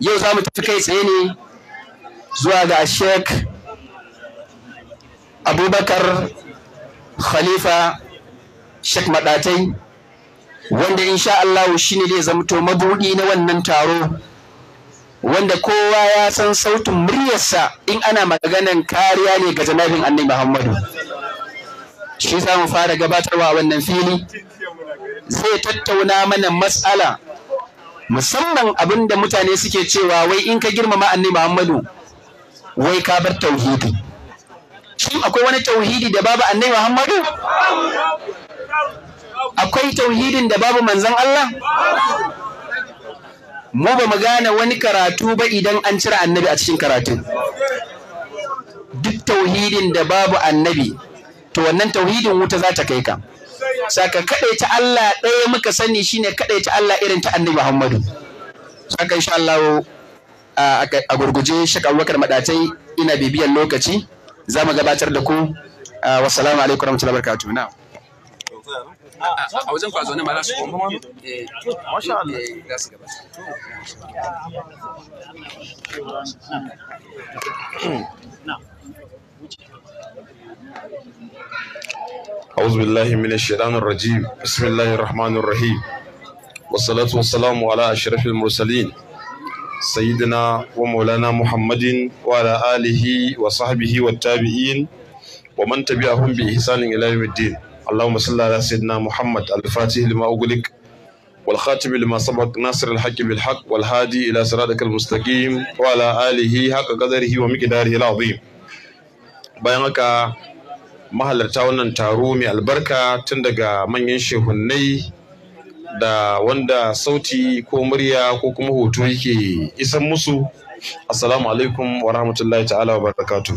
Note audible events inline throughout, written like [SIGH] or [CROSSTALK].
yau za mu tafi kai tsaye ne zuwa ga sheik abubakar khalifa sheik maɗatai wanda insha Allah shi ne zai zamto mabuɗi na wannan taro wanda kowa ya san sautin muryarsa in ana maganan kariya ne ga janabin annabi muhammadu shi za mu fara gabatarwa wannan fili zai tattauna mana matsala musamman abin da mutane suke cewa wai in ka girmama annabi Muhammadu wai ka bar tauhidi shin akwai wani tauhidi da babu annabi Muhammadu akwai tauhidin da babu manzon Allah mu ba mu gane wani karatu ba idan an cire annabi a cikin karatu duk tauhidin da babu annabi to wannan tauhidin wuta za ta kai ka saka ta Allah ɗaya muka sani shine ta Allah irin ta Annabi Muhammadu saka insha Allah a gurguje shakan wakar Madatai ina bibiyan lokaci za mu gabatar da ku wassalamu alaikum warahmatullahi wabarakatuh na a wajen kwazo ne mara masha Allah eh, أعوذ بالله من الشيطان الرجيم بسم الله الرحمن الرحيم والصلاة والسلام على أشرف المرسلين سيدنا ومولانا محمد وعلى آله وصحبه والتابعين ومن تبعهم بإحسان إلى يوم الدين اللهم صل على سيدنا محمد الفاتح لما أغلق والخاتم لما سبق ناصر الحق بالحق والهادي إلى صراطك المستقيم وعلى آله حق قدره ومقداره العظيم بينك mahalarta wannan taro mai albarka tun daga manyan shehunnai da wanda sauti ko murya ko kuma hoto yake isan musu assalamu alaikum wa rahmatullahi ta'ala wa barakatu.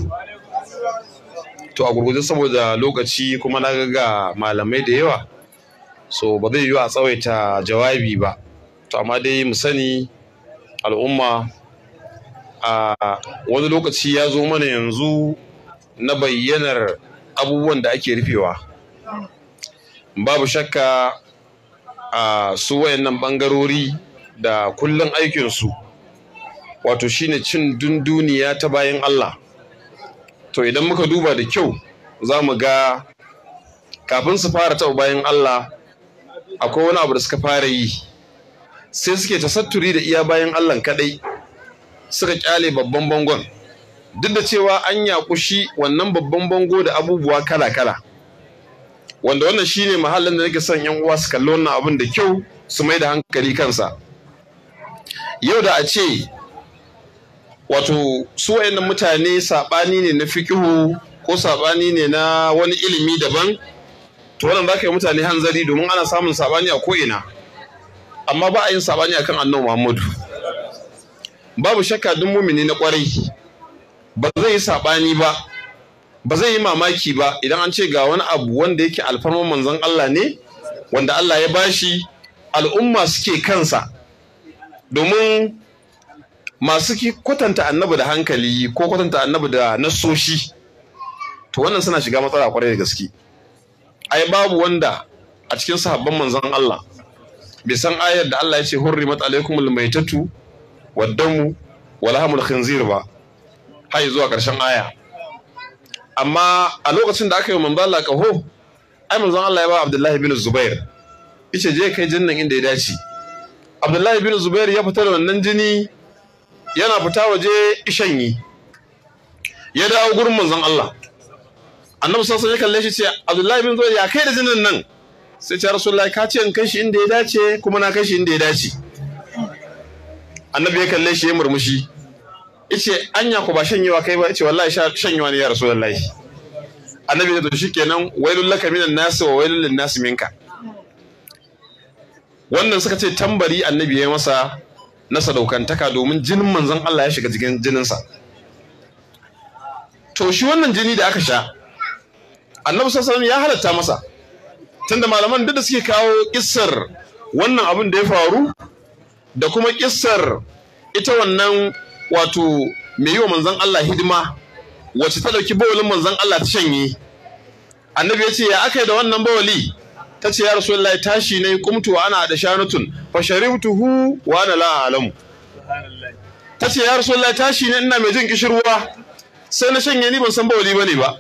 to a gurguje saboda lokaci kuma na ga malamai da yawa so ba zai yiwu a tsawaita jawabi ba to amma dai mu sani al'umma a wani lokaci ya zo mana yanzu na bayyanar abubuwan da ake rufewa babu shakka a su wayannan bangarori da kullum aikinsu wato shine cin dunduniya ta bayan Allah to idan muka duba da kyau za mu ga kafin su fara taɓa bayan Allah akwai wani abu da suka fara yi sai suke tasatturi da iya bayan Allah kaɗai suka ƙyale babban bangon duk da cewa an yakushi wannan babban bango da abubuwa kala-kala wanda wannan shine mahallin da nake son yan uwa su kalli wannan abin da kyau su mai da hankali kansa yau da a ce wato su wayannan mutane saɓani ne na fikihu ko saɓani ne na wani ilimi daban to wannan za ka yi mutane hanzari domin ana samun saɓani a ko'ina amma ba a yin saɓani akan annabi muhammadu babu shakka dun mumini na kwarai ba zai yi saɓani ba ba zai yi mamaki ba idan an ce ga wani abu wanda yake alfarman manzon Allah ne wanda Allah ya bashi al'umma suke kansa domin masu kwatanta annabi da hankali ko kwatanta annabi da nasoshi to wannan suna shiga matsala kwarai da gaske ai babu wanda a cikin sahabban manzon Allah bai san ayar da Allah ya ce hurrimat alaikumul maitatu wad damu wal hamul khinzir ba har zuwa ƙarshen aya amma a lokacin da aka yi manzo Allah kaho ai manzon Allah ya ba Abdullahi bin Zubair yace je kai jinnan inda ya dace Abdullahi bin Zubair ya fita da wannan jini yana fita waje ishanyi ya dawo gurin manzon Allah annabi sallallahu alaihi ya kalle shi ce Abdullahi bin Zubair ya kai da jinin nan sai ce Rasulullahi ka ce in kai shi inda ya dace kuma na kai shi inda ya dace annabi ya kalle shi ya murmushi Ice, anya ku ba shanyewa kai ba yace wallahi shanyewa ne ya rasulullahi annabi ya to shikenan wailul laka minan nas wa wailul lin nas minka wannan suka ce tambari annabi ya masa na sadaukantaka domin jinin manzon Allah ya shiga jikin jininsa to shi wannan jini da aka sha annabi sallallahu ya halatta masa tunda malaman duk da suke kawo kissar wannan abin da ya faru da kuma kissar ita wannan wato mai yi wa manzon Allah hidima wacce ta ɗauki bawalin manzon Allah ta shanye annabi ya ce ya aka yi da wannan bawali ta ce ya rasulullahi tashi ne kumtu wa ana da shanutun fa sharibtuhu wa ana la alamu ta ce ya rasulullahi tashi ne ina mai jin kishirwa sai na shanye ni ban san bawali bane ba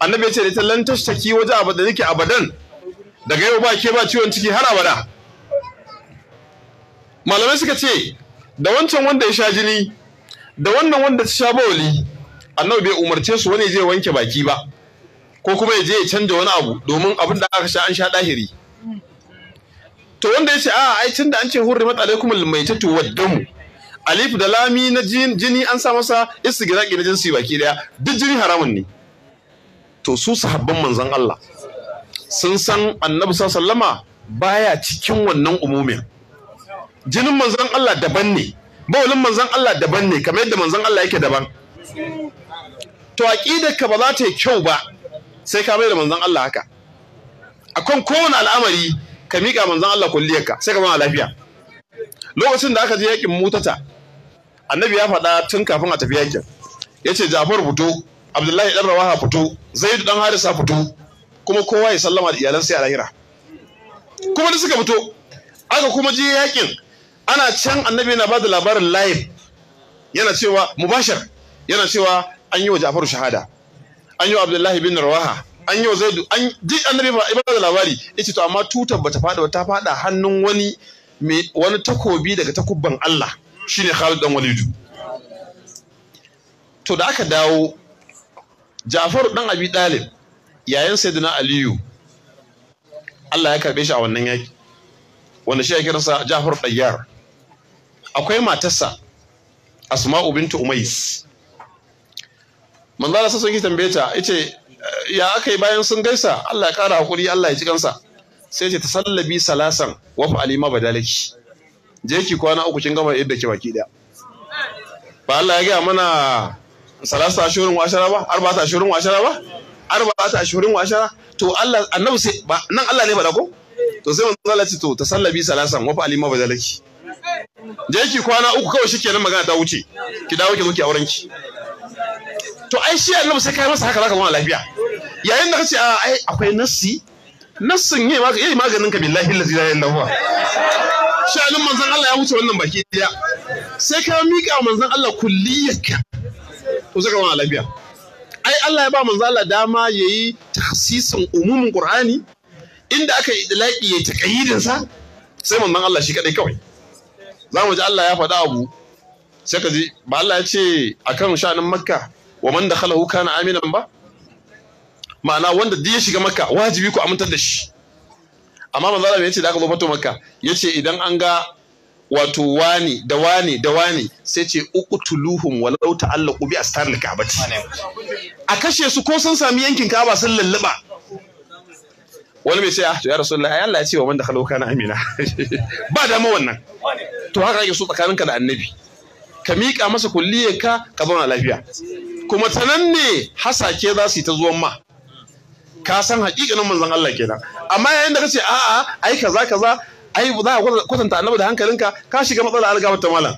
annabi ya ce da tallan tashtaki waje abada nake abadan daga yau ba ke ba ciwon ciki har abada malamai suka ce da wancan wanda ya sha jini da wannan wanda ta sha bawali annabi bai umarce su wani je wanke baki ba ko kuma ya je ya canja wani abu domin abin da aka sha an sha dahiri to wanda ya ce a ai tunda an ce hurrimat alaikum almaitatu waddamu alif da lami na jini an sa masa istigraqi na jinsi baki daya duk jini haramun ne to su sahabban manzon Allah sun san annabi sallama baya cikin wannan umumin jinin manzon Allah daban ne bawulin manzon Allah daban ne kamar yadda manzon Allah yake daban to aqidar ka ba za ta yi kyau ba sai ka mai da manzon Allah haka akan kowane al'amari ka mika manzon Allah kulliyar ka sai ka zama lafiya lokacin da aka je yakin mutata annabi ya faɗa tun kafin a tafi yakin yace Ja'far fito Abdullahi dan Rawaha fito Zaid dan Harisa fito kuma kowa ya sallama da iyalansa a lahira kuma da suka fito aka kuma je yakin ana can annabi yana bada labarin live yana cewa mubashar yana cewa an yi wa Ja'faru shahada an yi wa Abdullahi bin Rawaha an yi wa Zaidu an ji annabi ba ibada labari yace to amma tutar bata fada ta fada hannun wani wani takobi daga takubban Allah shine Khalid dan Walidu to da aka dawo Ja'faru dan Abi Dalib yayin Sayyidina Aliyu Allah ya karbe shi a wannan yaki wanda shi ya kiransa Ja'far Dayyar akwai matarsa asma'u bintu umais manzo Allah sai yi tambaye ta yace ya aka yi bayan sun gaisa Allah ya kara hakuri Allah ya ji kansa sai ce tasallabi salasan wa fa alima badalaki je ki kwana uku kin gama yadda ki baki da. ba Allah ya gaya mana salasa shirin wa ashara ba arba ta ashirin wa ashara ba arba ta ashirin wa ashara to Allah annabi sai ba nan Allah ne da ko to sai manzo Allah ce to tasallabi salasan wa fa alima badalaki je ki kwana uku kawai shikenan magana ta wuce ki dawo ki zo ki auren ki to ai shi annabi sai kai masa haka zaka zama lafiya yayin da kace ai akwai nassi nassin yayi maka yayi maganin ka billahi allazi la ilaha illallah Allah manzon Allah ya wuce wannan baki daya sai ka mika manzon Allah kulliyarka to zaka zama lafiya ai Allah ya ba manzon Allah dama yayi tahsisin umumin Qur'ani inda aka yi idlaqi yayi taqayyidin sa sai manzon Allah shi kadai kawai za mu ji Allah ya faɗa abu sai ka ji ba Allah ya ce a kan sha'anin makka wa man dakhalahu kana aminan ba ma'ana wanda duk ya shiga makka wajibi ku amintar da shi amma manzo Allah ya ce da aka zo fato makka Ya ce idan an ga wato wani da wani da wani sai ce uqtuluhum walau ta'allaqu bi astaril bati. a kashe su ko sun sami yankin kaba sun lulluba wani mai sai ah ya rasulullahi ai Allah ya ce wa man kana amina [LAUGHS] ba dama wannan to haka yake so tsakaninka da annabi ka miƙa masa kulliyar ka ka zauna lafiya kuma ta nan ne hasake za su yi ta zuwan ma ka san haƙiƙanin manzon Allah kenan amma yayin da ka ce a'a ai kaza kaza ai za ka kwatanta annabi da hankalinka ka shiga matsala algaba ta malam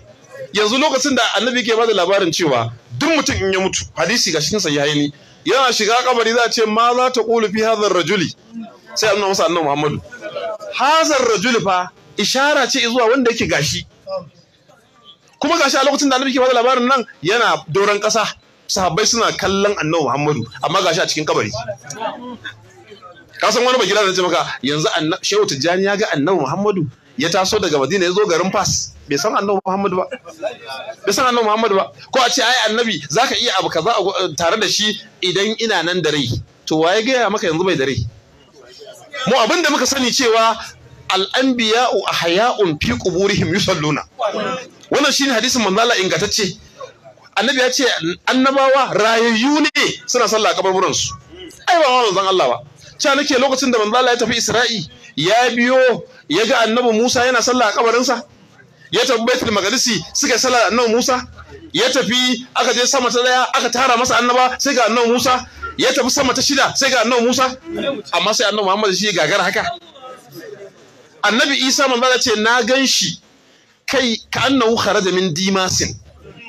yanzu lokacin da annabi ke bada labarin cewa duk mutum in ya mutu hadisi ga cikin sahihaini yana shiga kabari za a ce ma za ta qulu fi hadhar rajuli sai amma nuna masa annabi Muhammadu hazar rajul fa ishara ce zuwa wanda yake gashi kuma gashi a lokacin da annabi ke bada labarin nan yana doron ƙasa sahabbai suna kallon annabi Muhammadu amma gashi a cikin kabari ka san wani bagira da ce maka yanzu Shehu Tijjani ya ga annabi Muhammadu ya taso daga Madina ya zo garin Fas bai san annabi Muhammadu ba bai san annabi Muhammadu ba ko a ce ai annabi zaka iya abu kaza tare da shi idan ina nan da rai to waye ga maka yanzu bai da rai mu abinda muka sani cewa al'anbiya'u ahya'un fi quburihim yusalluna wannan shine hadisin manzo Allah ingatacce annabi ya ce annabawa rayayyu ne suna sallah a kabarburan su ai ba wannan zan Allah ba cewa nake lokacin da manzo Allah ya tafi Isra'i ya biyo ya ga annabi Musa yana sallah a kabarin ya tafi Baitul Maqdisi suka sallah annabi Musa ya tafi aka je sama ta daya aka tara masa annaba sai ga annabi Musa ya tafi sama ta shida sai ga annabi Musa amma sai annabi Muhammad shi gagara haka annabi Isa manzo ya ce na ganshi kai ka annahu kharaja min dimasin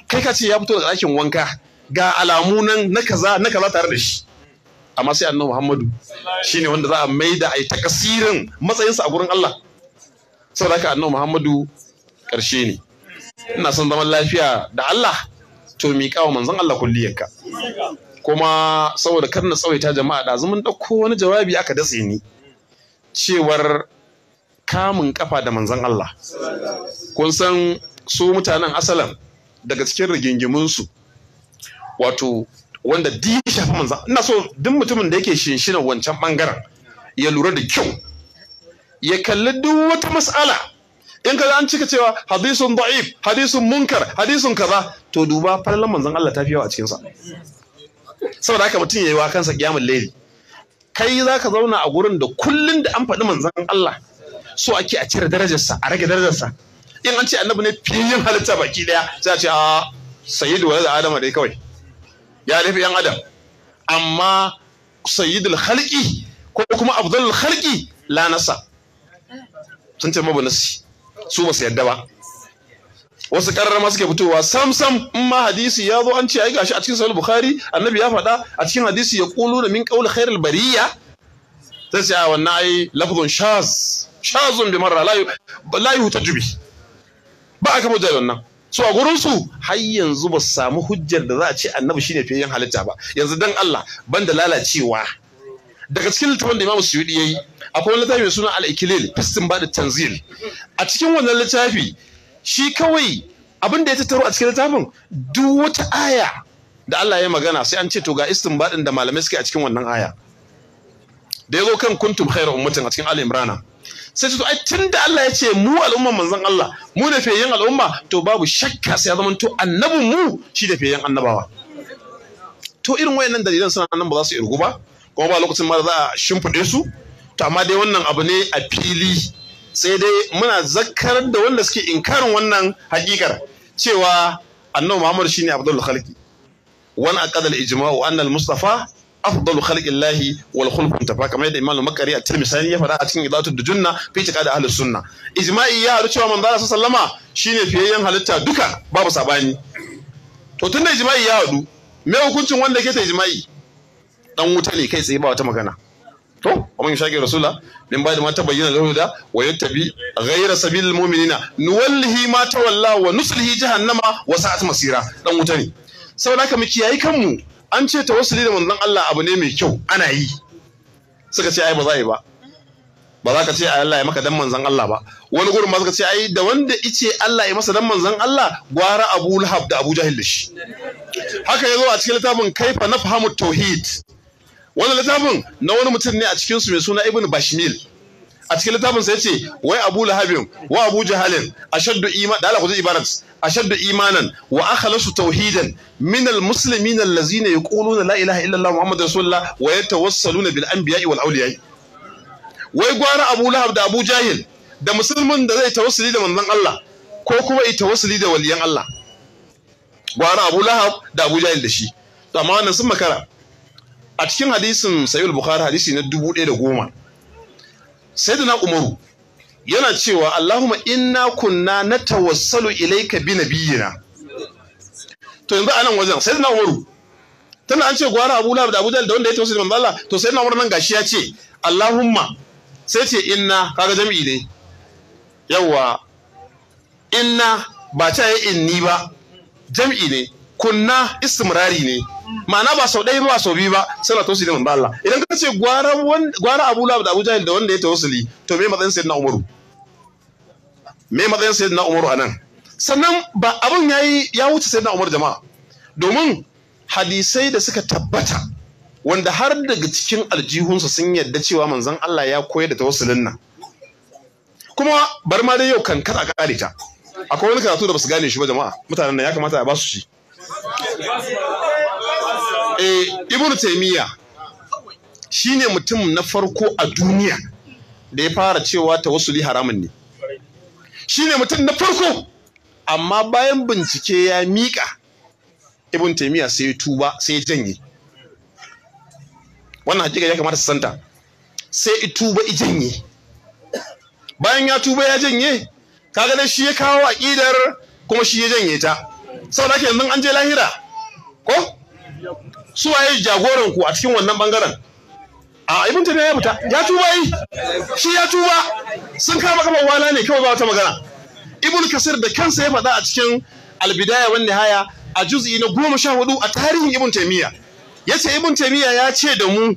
kai ka ce ya fito daga ɗakin wanka ga alamu nan na kaza na kaza tare da shi amma sai annabi Muhammadu shine wanda za a maida ai takasirin matsayinsa a gurin Allah saboda haka annabi Muhammadu ƙarshe ne ina son zaman lafiya da Allah to miƙawa wa manzon Allah kulliyarka kuma saboda kar na tsawaita jama'a da mun wani jawabi aka datse ni cewar kamun kafa da manzon Allah kun san su mutanen asalan daga cikin su wato wanda di shafi manzan ina so duk mutumin da yake shinshinan wancan bangaren ya lura da kyau ya kalli duk wata mas'ala in ka an cika cewa hadisun da'if hadisun munkar hadisun kaza to duba fallan manzon Allah ta fi yawa a cikinsa. saboda haka mutum yayi wa kansa kiyamul layli kai zaka zauna a gurin da kullun da an faɗi manzon Allah so ake a cire darajarsa a rage darajarsa in an ce annabi ne fiyin halitta baki daya sai a ce a sayyidu walad adama dai kawai ya lafi yan adam amma sayyidul khalqi ko kuma afdalul khalqi la nasa sun ce mabu su ba su yadda ba wasu karar ma suke fitowa sam sam in ma hadisi ya zo an ce ai gashi a cikin sahih bukhari annabi ya faɗa a cikin hadisi ya qulu na min qawl khairul bariya sai sai a ah, wannan ai lafzun shaz shazun bi marra la la yuhtaju ba aka mu da nan so a gurin su har yanzu ba samu hujjar da za a ce annabi shine fiye yin halitta ba yanzu dan Allah banda lalacewa daga cikin littafin da Imam ya yi. akwai wani littafi mai suna Al-Ikhlal Fistin Bada Tanzil a cikin wannan littafi shi kawai abin da ya tattaro a cikin littafin duk wata aya da Allah ya magana sai an ce to ga istinbadin da malamai suke a cikin wannan aya da ya zo kan kuntum khairu ummatin a cikin Ali Imran sai su to ai tunda Allah ya ce mu al'umman manzon Allah mu da fiyayen al'umma to babu shakka sai ya zama to annabin mu shi da fiyayen annabawa to irin wayannan dalilan suna nan ba za su irgu ba kuma ba lokacin ma za a shimfide su to amma dai wannan abu ne a fili sai dai muna zakkar da wanda suke inkarin wannan hakikar cewa annabi Muhammad shine abdul khalqi wan aqad al ijma'u anna al mustafa afdalu khalqillahi wal khulq tafa kamar yadda imamu makari a tirmisani ya faɗa a cikin idatul dujunna fi tiqad ahli sunna ijma'i ya haru cewa manzo Allah sallama shine fiyayyen halitta duka babu sabani to tunda ijma'i ya hadu, me hukuncin wanda ke ta ijma'i dan wuta ne kai tsaye ba wata magana to wa in yushaqi rasula min ba'di da mata bayyana da wa yattabi ghayra sabil mu'minina nuwallihi ma tawalla wa nuslihi jahannama wa sa'at masira dan wuta ne saboda haka mu kiyayi kanmu an ce tawassuli da manzon Allah abu ne mai kyau ana yi suka ce ai ba za a yi ba ba za ka ce Allah ya maka dan manzon Allah ba wani gurin ma suka ce ai da wanda ice Allah ya masa dan manzon Allah gwara Abu Lahab da Abu Jahil da shi haka yazo a cikin littafin kaifa nafhamu tauhid wannan littafin na wani mutum ne a cikin su mai suna ibn bashmil a cikin littafin ya ce, wai abu lahabin wa abu jahalin ashaddu iman da Allah ibarat ashaddu imanan wa akhlasu tauhidan min almuslimin allazina yaquluna la ilaha illa allah Muhammadu rasulullah wa yatawassaluna bil anbiya'i wal awliya'i wai gwara abu lahab da abu jahil da musulmin da zai tawassuli da manzon Allah ko kuma ya tawassuli da waliyan Allah gwara abu lahab da abu jahil da shi amma wannan sun makara a cikin hadisin Sayyid bukhari hadisi na dubu ɗaya da goma na umaru yana cewa allahumma inna kunna na ilai ka bi nabiyyina to yanzu anan wajen sayyidina umaru tana an ce gwara abu lahab da abu da wanda ya tausayi manzo Allah to sayyidina umaru nan gashi ya ce allahumma sai ce inna kaga jami'i ne yawa inna ba ta yi inni ba jami'i ne kunna istimrari ne ma'ana ba sau ɗaya ba sau biyu ba suna tausili mun Allah idan ka ce gwara Abu da Abu Jahil da wanda ya tausili to me matsayin sayyidina Umaru me matsayin sayyidina Umaru anan sannan ba abin yayi ya wuce sayyidina umaru jama'a domin hadisai da suka tabbata wanda har daga cikin aljihunsa sun yadda cewa manzon Allah ya koyar da tawassulin nan kuma bar ma dai yau kan kada ka kare ta akwai wani karatu da basu gane shi ba jama'a mutanen nan ya kamata a basu shi eh ibnu shine mutum na farko a duniya da ya fara cewa ta tawassuli haramun ne shine mutum na farko amma bayan bincike ya miƙa ibn taimiyya sai ya tuba sai ya janye wannan hakika ya kamata santa sai ya tuba ya janye bayan ya tuba ya janye kaga dai shi ya kawo aqidar kuma shi ya janye ta da ke yanzu an je lahira ko su waye jagoran ku a cikin wannan bangaren a ibn tabiya ya fita ya tuba yi shi ya tuba sun kama kama wala ne kawai ba wata magana ibn kasir da kansa ya faɗa a cikin albidaya wan nihaya a juz'i na goma sha hudu a tarihin ibn taymiya ya ce ibn taymiya ya ce da mu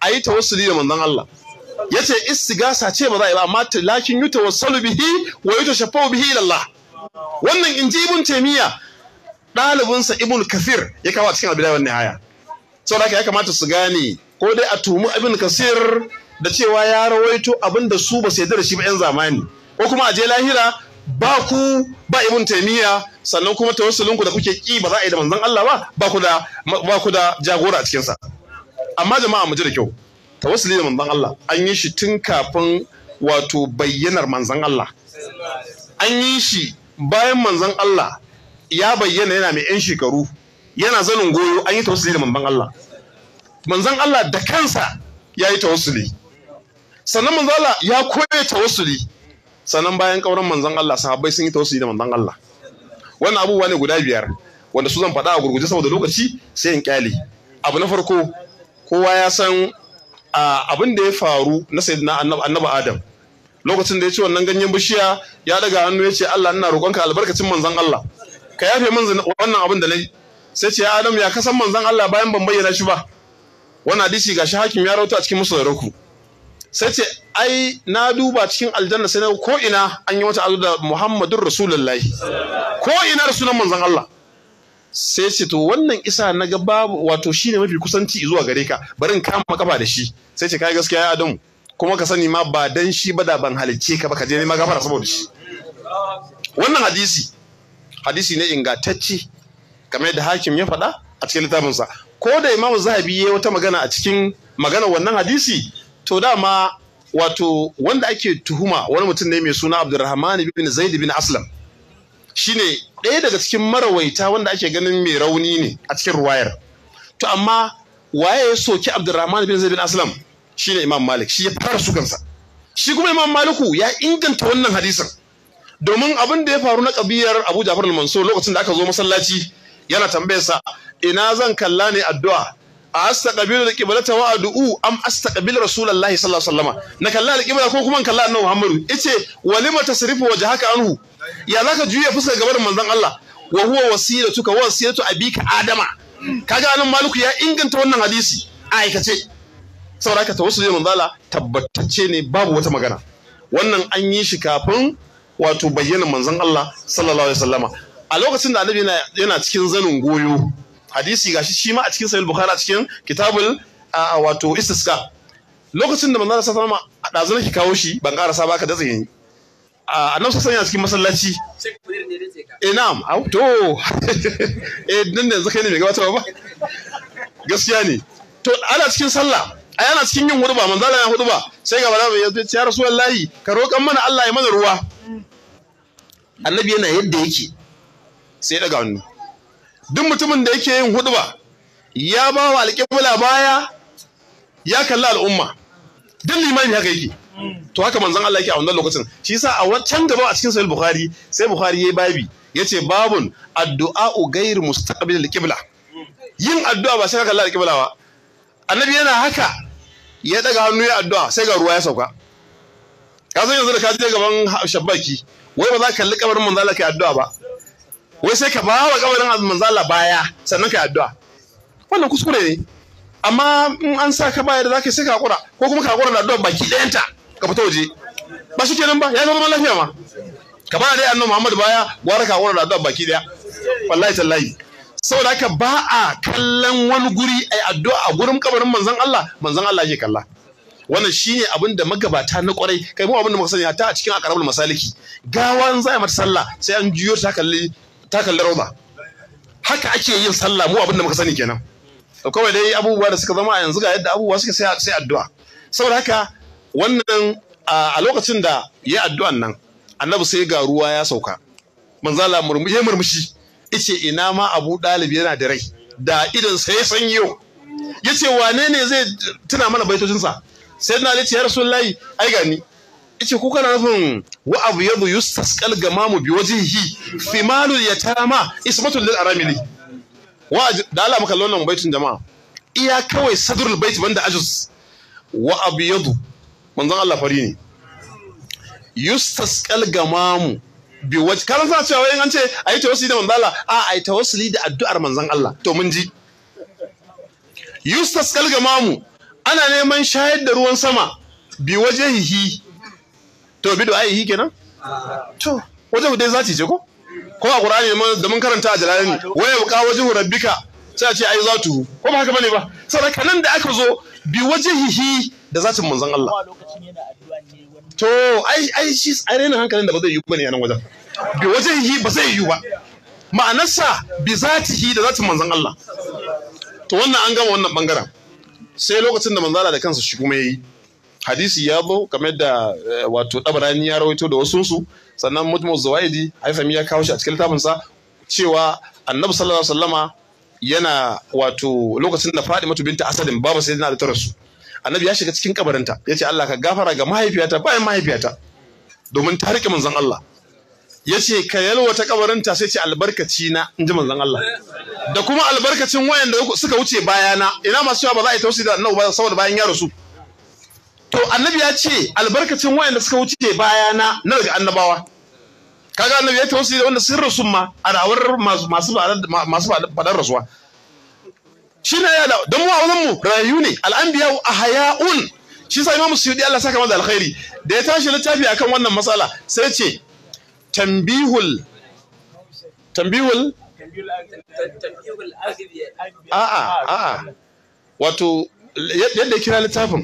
a yi tawassuli da manzon Allah ya ce istigasa ce ba za a yi ba amma lakin yi wasalu bihi wa yi shafau bihi ilallah wannan in ji ibn taymiya ɗalibinsa ibn kafir ya kawo a cikin albidaya haya. saboda haka ya kamata su gane ko dai a tuhumi ibn kasir da cewa ya rawaito abin da su ba su yarda da shi ba yan zamani ko kuma a je lahira ba ku ba ibn taymiya sannan kuma tawassulinku da kuke ki ba za a yi da manzon Allah ba ba ku da jagora a cikin amma jama'a mu ji da kyau tawassuli da manzon Allah an yi shi tun kafin wato bayyanar manzon Allah an yi shi bayan manzon Allah ya bayyana yana mai yan shekaru yana zanin goyo an yi tawassuli da manzon Allah manzon Allah da kansa ya yi tawassuli sannan manzon Allah ya koya tawassuli sannan bayan kauran manzon Allah sahabbai sun yi tawassuli da manzon Allah wannan abubuwa ne guda biyar wanda su zan faɗa a gurguje saboda lokaci sai in kyale abu na farko kowa ya san ah, abin da ya faru na sayyidina annabi adam lokacin da ya ce wannan ganyen bishiya ya daga hannu ya ce Allah ina roƙonka albarkacin manzon Allah ka yafe min wannan abin da nayi sai ce ya Adam ya kasan manzon Allah bayan ban bayyana shi ba wannan hadisi gashi hakim ya rawaito a cikin musu raku sai ce ai na duba cikin aljanna sai na ko ina an yi wata alu da Muhammadur Rasulullahi ko ina sunan manzon Allah sai ce to wannan isa na ga babu wato shine mafi kusanci zuwa gare ka bari in kama kafa da shi sai ce kai gaskiya ya Adamu kuma ka sani ma ba dan shi ba da ban halicce ka ba ka je neman gafara saboda shi wannan hadisi hadisi ne ingantacce kamar yadda hakim ya faɗa a cikin littafin sa ko da imam zahabi ya wata magana a cikin magana wannan hadisi to dama wato wanda ake tuhuma wani mutum ne mai suna abdurrahman bin zaid bin aslam shine ɗaya daga cikin marawaita wanda ake ganin mai rauni ne a cikin ruwayar to amma waye ya soki abdurrahman bin zaid bin aslam shine Imam Malik shi ya fara su kansa shi kuma Imam Maliku ya inganta wannan hadisin domin abin da ya faru na kabiyar Abu Ja'far al-Mansur lokacin da aka zo masallaci yana tambayar sa ina zan kalla ne addu'a a astaqbilu da qiblata wa ad'u am astaqbil rasulullahi sallallahu alaihi wasallam na kalla al qibla ko kuma kalla annabi Muhammadu yace walima tasrifu wajhaka anhu ya zaka juya ga gaban manzon Allah wa huwa wasilatuka wasilatu abika adama kaga anan maliku ya inganta wannan hadisi aikace saboda haka tawassuli da manzo tabbatacce ne babu wata magana wannan an yi shi kafin wato bayyana manzon Allah sallallahu alaihi wasallama a lokacin da annabi yana cikin zanin goyo hadisi gashi shi ma a cikin sahih bukhari a cikin kitabul wato istisqa lokacin da manzon Allah sallallahu alaihi wasallama a dazu kawo shi ban karasa ba ka datse a annabi sallallahu alaihi cikin masallaci eh na'am to [LAUGHS] eh nan da yanzu kai ne mai gabatarwa ba gaskiya ne to ana cikin sallah a yana cikin yin hudba manzo Allah ya hudba sai ga bala'i ya ce ya rasulullahi ka roƙan mana Allah ya mana ruwa annabi yana yadda yake sai daga hannu duk mutumin da yake yin hudba ya ba wa alƙibla baya ya kalla al'umma duk limani haka yake to haka manzon Allah yake a wannan lokacin shi yasa a wancan gaba a cikin sahih bukhari sai bukhari yayi babi yace babun addu'a ghairu mustaqbil qibla yin addu'a ba sai ka al-qibla ba annabi yana haka ya daga hannu ya addu'a sai ga ruwa ya sauka ka san yanzu da ka je gaban shabbaki wai ba za ka kalli kabarin manzala kai addu'a ba wai sai ka ba wa kabarin manzala baya sannan kai addu'a wannan kuskure ne amma in an sa ka baya da za ka sai ka hakura ko kuma ka hakura da addu'a baki ta ka fita waje ba shi kenan ba ya zama lafiya ma ka ba dai annabi Muhammad baya gwara ka hakura da addu'a baki ɗaya wallahi tallahi saboda haka ba a kallon wani guri ai addu'a a gurin kabarin manzon Allah manzon Allah ya kalla wannan shine abin da magabata na kwarai kai mu abin da muka sani a cikin aqrabul masaliki gawan zai mata sallah sai an juyo ta kalli ta haka ake yin sallah mu abin da muka sani kenan kawai dai abubuwa da suka zama a yanzu ga yadda abubuwa suke sai sai addu'a saboda haka wannan a lokacin da ya addu'an nan annabi sai ga ruwa ya sauka manzala murmushi murmushi ice ina ma abu ɗalib yana da rai da idan sai san yau ya ce wane ne zai tuna mana baitocinsa sai na ce ya rasulullahi ai gani ice kuka na nufin wa abu yadu yustasqal mu bi wajhihi fimalul yatama ismatul lil aramili wa da Allah muka lona baitun jama'a iya kawai sadrul bait banda ajus wa abu yadu manzon Allah fari ne yustasqal mu. bi waje karan sa cewa in an ce a yi tawassuli da manzon Allah a a yi tawassuli da addu'ar manzon Allah to mun ji Yustas Kalgamamu ana neman shayar da ruwan sama bi waje hihi to bi du'a hihi kenan to waje dai zaci ce ko ko a Qur'ani da mun karanta a Jalalani waya ka waje rabbika sai a ce ai zatu ko ba haka bane ba saboda nan da aka zo bi waje hihi da zatin manzon Allah to ai ai shi rainin hankalin da ba zai yi ne a nan wajen bi wajen yi ba zai yi ba ma'anarsa bi zatihi da zatin manzon Allah to wannan an gama wannan ɓangaren. sai lokacin da manzala da kansa shi kuma yayi hadisi ya zo kamar da eh, wato dabarani ya rawaito da wasu su sannan mutmu zawaidi haifami ya kawo shi a cikin littafinsa cewa annabi sallallahu alaihi wasallama yana wato lokacin da Fadimatu binta Asadin babu sai na da tarasu annabi ya shiga cikin kabarinta ya ce Allah ka gafara ga mahaifiyata bayan mahaifiyata domin ta riƙe manzon Allah ya ce ka yalwata kabarinta sai ce albarkaci na in ji manzon Allah da kuma albarkacin wayan da suka wuce bayana ina masu cewa ba za a yi tausi da annabi ba saboda bayan ya rasu to annabi ya ce albarkacin wayan da suka wuce bayana na daga annabawa kaga annabi ya tausi da wanda sun rasu ma a rawar masu masu rasuwa shi ne yada don mu a wurin mu rayu ne al'anbiya ahya'un shi sa imamu suyudi Allah saka masa alkhairi da ya tashi littafi akan wannan matsala sai ce tambihul tambihul a'a a'a wato yadda ya kira littafin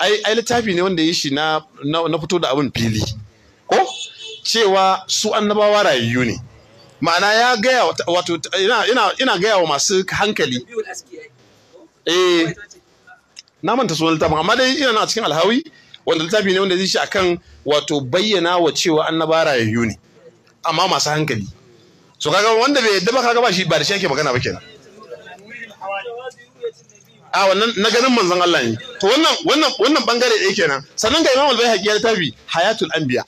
ai littafi ne wanda ya shi na fito da abin fili ko cewa su annabawa rayu ne ma'ana ya gaya wato ina gaya wa masu hankali eh na manta sunan littafin amma dai ina na cikin alhawi wanda littafi ne wanda zai shi akan wato bayyana wa cewa an ya yi ne amma masu hankali so kaga wanda bai yadda ba kaga ba shi ba da shi ake magana ba kenan a wannan na ganin manzon Allah ne to wannan wannan wannan bangare ɗaya kenan sannan ga Imam Al-Baihaqi ya littafi Hayatul Anbiya'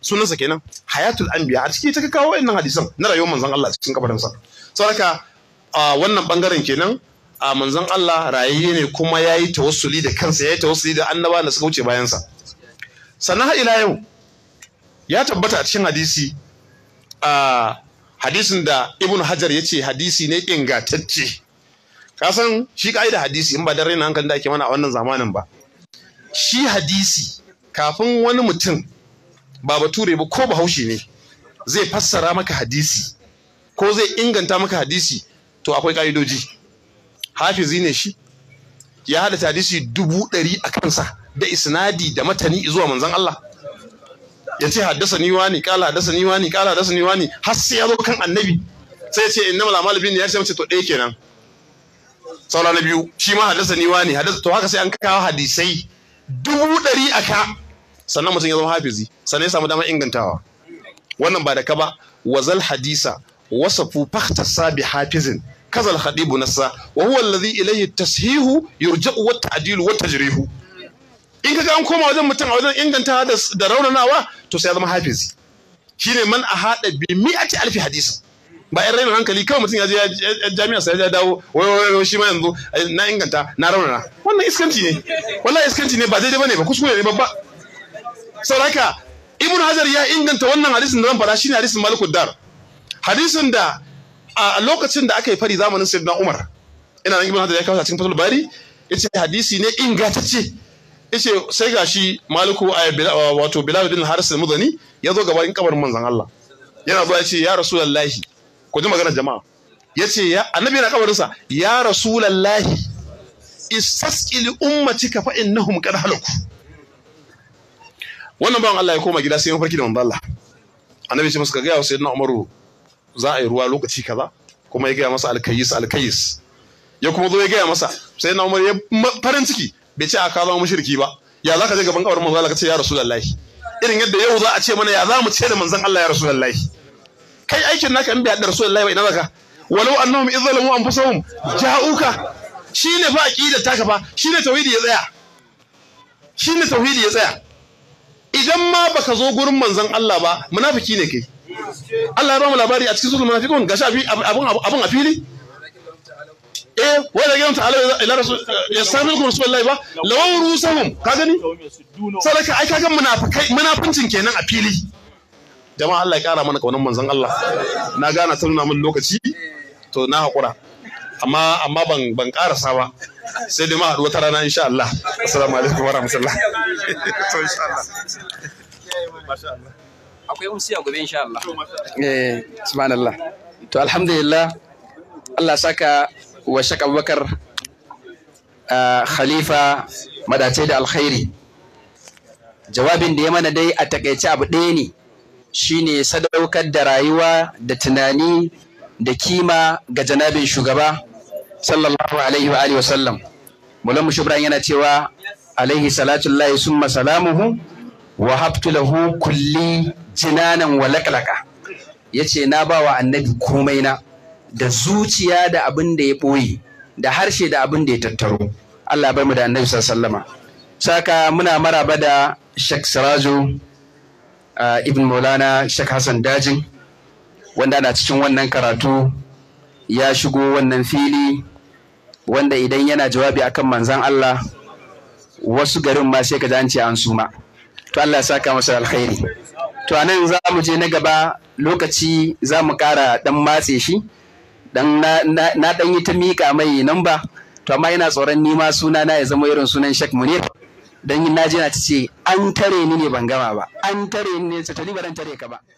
sunansa kenan hayatul anbiya a ciki take kawo wannan hadisan na rayuwar manzon Allah cikin kabarin sa saboda wannan bangaren kenan a manzon Allah rayayye ne kuma yayi tawassuli da kansa yayi tawassuli da annaba da suka wuce bayan sa har ila yau ya tabbata a cikin hadisi a hadisin da ibnu Hajar ya ce hadisi ne ingantacce ka san shi ka'ida hadisi in ba dan raina hankali da ake mana a wannan zamanin ba shi hadisi kafin wani mutum ba bature ba ko bahaushe ne zai fassara maka hadisi ko zai inganta maka hadisi to akwai ka'idoji hafizi ne shi ya hada hadisi dubu ɗari a kansa da isnadi da matani zuwa manzon Allah ya ce haddasa ni wani kala haddasa ni wani kala haddasa ni wani har sai ya zo kan annabi sai ya ce innamal a'malu ne ya ce mace to ɗaya kenan saura na biyu shi ma haddasa ni wani haddasa to haka sai an kawo hadisai dubu ɗari a ka sannan mutum ya zama hafizi sannan ya samu damar ingantawa wannan ba da ka ba wazal hadisa wasafu ta sabi hafizin kazal Hadibu nasa wa huwa alladhi ilayhi tashihu yurja'u wa ta'dilu wa tajrihu in kaga an koma wajen mutum a wajen inganta da raunanawa to sai ya zama hafizi shine man a ahada bi mi'ati alfi hadisi ba yan rainin hankali kawai mutum ya je jami'a sai ya dawo wai shi ma yanzu eh, na inganta na raunana wannan iskanci ne wallahi iskanci ne ba daidai bane ba kuskure ne babba saraka ibn hajar ya inganta wannan hadisin da zan fara shine hadisin Malik dar hadisin da a lokacin da aka yi fari zamanin sayyidina umar ina nan ibn hajar ya kawo cikin fatul bari yace hadisi ne ingantacce yace sai gashi maliku wato bilal bin haris al-mudani ya zo gaban kabarin manzon Allah yana zuwa yace ya rasulullahi ku ji magana jama'a yace ya annabi yana kabarinsa ya rasulullahi istasqil ummatika fa innahum qad halaku wannan bawan Allah ya koma gida sai farki da manzo Allah annabi ce masa ka gaya wa sayyidina Umaru za a yi ruwa lokaci kaza kuma ya gaya masa alkayis alkayis ya kuma zo ya gaya masa sayyidina Umar ya farin ciki bai ce a ka zama mushriki ba ya zaka je gaban kabarin manzo Allah ka ce ya rasulullahi irin yadda yau za a ce mana ya za mu ce da manzon Allah ya rasulullahi kai aikin naka in bai da rasulullahi ba ina zaka walau annahum izzalamu anfusahum ja'uka shine ba aqidar taka ba shine tauhidi ya tsaya shine tauhidi ya tsaya idan ma baka zo gurin manzon Allah ba munafiki ne kai Allah ya ba mu labari a cikin sura munafiqun gashi abun abun a fili eh wai da gidan ta'ala ila rasul ya sami ku rasulullahi ba lawan rusahum ka gani sadaka ai kaga munafikai munafincin kenan a fili jama'a Allah ya kara mana kaunan manzon Allah na gana tunna mun lokaci to na hakura amma amma ban ban karasa ba sai dai ma a wata rana insha Allah assalamu alaikum wa rahmatullah [LAUGHS] to insha Allah masha Allah akwai umsi a gobe insha Allah eh subhanallah to alhamdulillah Allah saka wa shaka Abubakar ah, khalifa madace da alkhairi jawabin da ya mana dai a takaice abu ɗaya ne shine sadaukar da rayuwa da tunani da kima ga janabin shugaba sallallahu alaihi wa alihi wa sallam mulan shubran yana cewa alaihi salatu llahi summa salamuhu wa habtu lahu kulli jinanan wa laqlaqa yace na bawa annabi komai na da zuciya da abin da ya boye da harshe da abin da ya tattaro Allah bai mu da annabi sallama saka muna maraba da Sheikh Sirajo uh, Ibn Maulana Sheikh Hassan Dajin wanda na cikin wannan karatu ya shigo wannan fili wanda idan yana jawabi akan manzan Allah wasu garin ma sai ka ji an ce an suma to Allah ya saka masa alkhairi to anan za mu je na gaba lokaci za mu ƙara dan matse shi dan na dan yi ta mika mai namba to amma ina tsoron nima suna na ya zama irin sunan Sheikh Munir dan na naji na ta ce an tare ni ne ban gama ba an tare ni ne ta ni ba dan tare ka ba